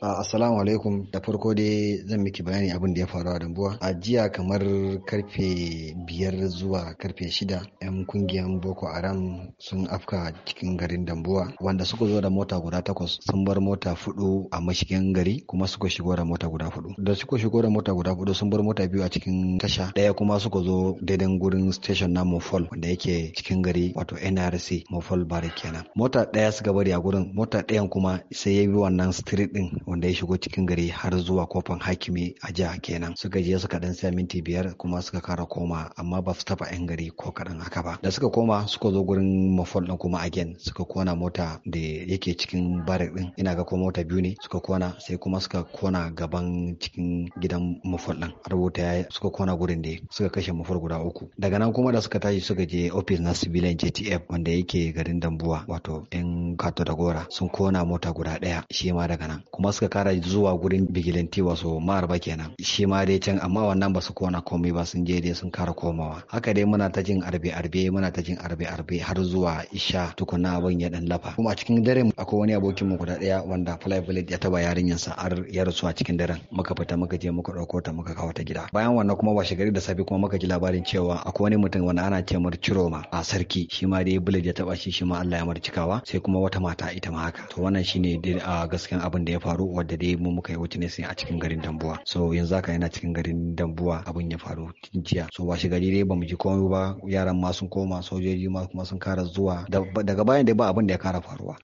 Assalamu alaikum da farko dai zan miki bayani abin da ya faru a Dambuwa. A jiya kamar karfe biyar zuwa karfe shida yan kungiyar Boko Haram sun afka cikin garin Dambuwa wanda suka zo da mota guda takwas sun bar mota fudu a mashigin gari kuma suka shigo da mota guda fudu. Da suka shigo da mota guda fudu sun bar mota biyu a cikin tasha daya kuma suka zo daidan gurin station na Mofol wanda yake cikin gari wato NRC Mofol Bari kenan. Mota daya suka bari a gurin mota dayan kuma sai ya bi wannan street din wanda ya shigo cikin gari har zuwa kofan hakimi a jiha kenan suka je suka dan sa minti biyar kuma suka kara koma amma ba su taba yan gari ko kadan haka ba da suka koma suka zo gurin mafol din kuma again suka kona mota da yake cikin barak din ina ga ko mota biyu ne suka kona sai kuma suka kona gaban cikin gidan mafol din rubuta ya suka kona gurin da suka kashe mafol guda uku daga nan kuma da suka tashi suka je office na civilian JTF wanda yake garin Dambuwa wato yan kato da gora sun kona mota guda daya shi ma daga nan kuma suka kara zuwa gurin bigilanti wasu maharba kenan shi ma dai can amma wannan ba su kona komai ba sun je dai sun kara komawa haka dai muna ta jin arbe arbe muna ta jin arbe arbe har zuwa isha tukuna abin ya dan lafa kuma a cikin dare akwai wani abokin mu guda daya wanda fly bullet ya taba yarinyar sa har ya rasu a cikin daren muka fita muka je muka dauko ta muka kawo ta gida bayan wannan kuma washe gari da safe kuma muka ji labarin cewa akwai wani mutum wanda ana ce mar ciroma a sarki shi ma dai bullet ya taba shi shi ma Allah ya marcikawa sai kuma wata mata ita ma haka to wannan shine a gaskiyan abin da ya faru wadda dai mu muka yi witnessing a cikin garin Dambuwa so yanzu haka yana cikin garin Dambuwa abin ya faru jiya so washe gari dai bamu ji komai ba yaran ma sun koma sojoji ma kuma sun kara zuwa daga bayan dai ba abin da ya kara faruwa